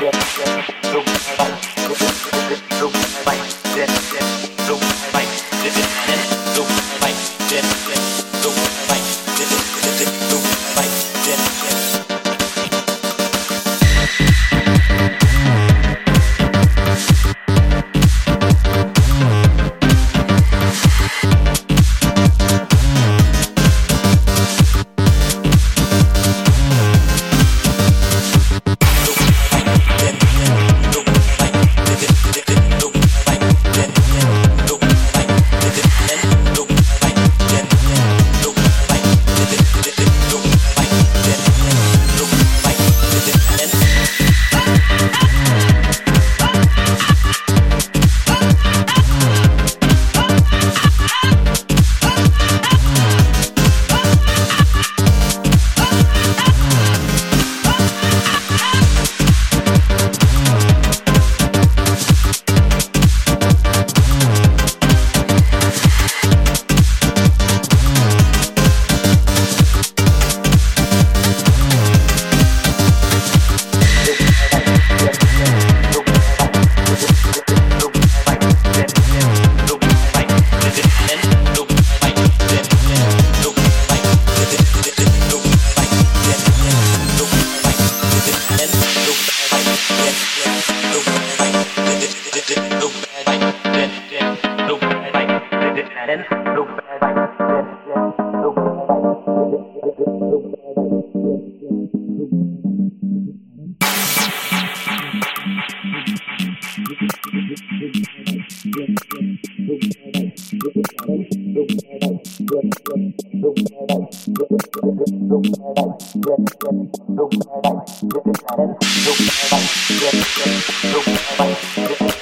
Yeah. Look at that. Look at that. Look at that.